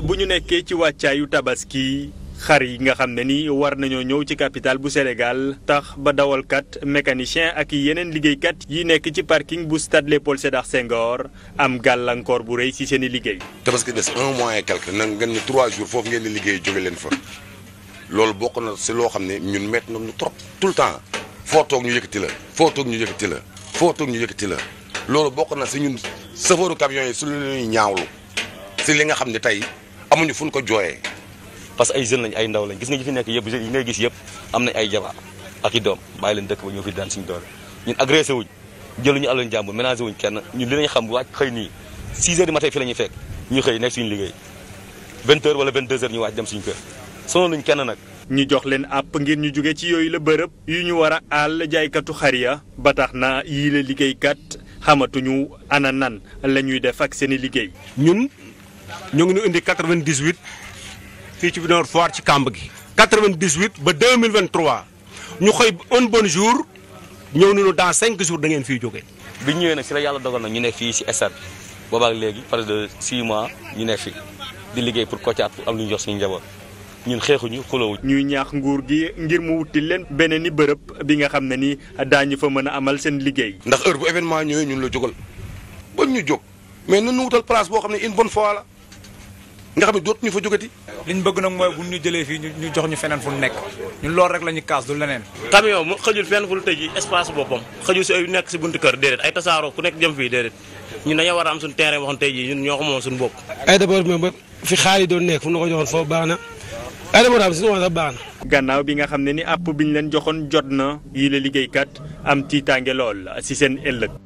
bu ñu nekkee ci wàccaayu tabaski xar yi nga xam ne ni war nañoo ñëw ci capitale bu Sénégal tax ba dawalkat mécanicien ak yi yeneen liggéeykat yi nekk ci parking bu stade Léopold Sédar Senghor am gàllankoor bu rëy ci seen i liggéey. tabaski des un mois et quelque nag ngeen ne trois jours foofu ngeen di liggéey jóge leen fa loolu bokk na si loo xam ne ñun mett na ñu trop tout le temps foo toog ñu yëkkati la foo toog ñu yëkkati la foo ñu yëkkati la loo bokk na si ñun sëfooru camion su lu li nga xam ne tey. amuñu fu ñu ko jooyee parce que ay jeunes lañ ay ndaw lañ gis nga ñi fi nekk yëpp yi ngay gis yëpp am nañ ay jabar ak i doom bàyyi leen dëkk ba ñoo fi daan suñu doole ñun agressé wuñ jëluñu alalu jàmbur ménagé wuñ kenn ñun li nañ xam wàcc xëy nii 6 heures du matin fi la ñuy fekk ñu xëy nekk suñu liggéey 20 wala 22 heures ñu wàcc dem suñu kër sonal luñ kenn nag ñu jox leen àpp ngir ñu jóge ci yooyu la bërëb yu ñu war a àll jaaykatu xar ya ba tax na yii la liggéeykat xamatuñu ana nan la ñuy def ak seen i liggéey ñun ñoo ngi ñu indi 98 fii ci Nord Foire ci kàmb gi. 98 ba 2023 ñu xëy un bon jour ñëw nañu dans 5 jours da ngeen fiy jógee. bi ñëwee nag si la yàlla dogal na ñu nekk fii si stade bi boobaak léegi presque de 6 mois ñu nekk fi di liggéey pour Kothiat pour am lu ñu jox si njaboot. ñun xeexuñu xulawuñ ñuy ñaax nguur gi ngir mu wuti leen beneen i bërëb bi nga xam ne ni ñu fa mën a amal seen liggéey. ndax heure bu événement ñëwee ñun la jógal ba ñu jóg mais nañu wutal place boo xam ne une bonne fo la. nga xam ne dootuñu fa jógati. li ñu bëgg nag mooy bu ñu jëlee fii ñu jox ñu feneen fu ñu nekk ñun loolu rek la ñu kaas du leneen. camion mu xëjul fenn fu ñu tëj espace boppam xëjul si ay nekk si buntu kër déedéet ay tasaaroo ku nekk jëm fii déedéet ñun dañoo war a am suñu terrain waxoon tey jii ñun ñoo ko moom suñu bopp. ay d'abord moom ba fi xaar yi doon nekk fu ñu ko joxoon foofu baax na ay d'abord am suñu wax sax baax na. gannaaw bi nga xam ne ni àpp bi ñu leen joxoon jot na yii la liggéeykat am tiitaange lool si seen ëllëg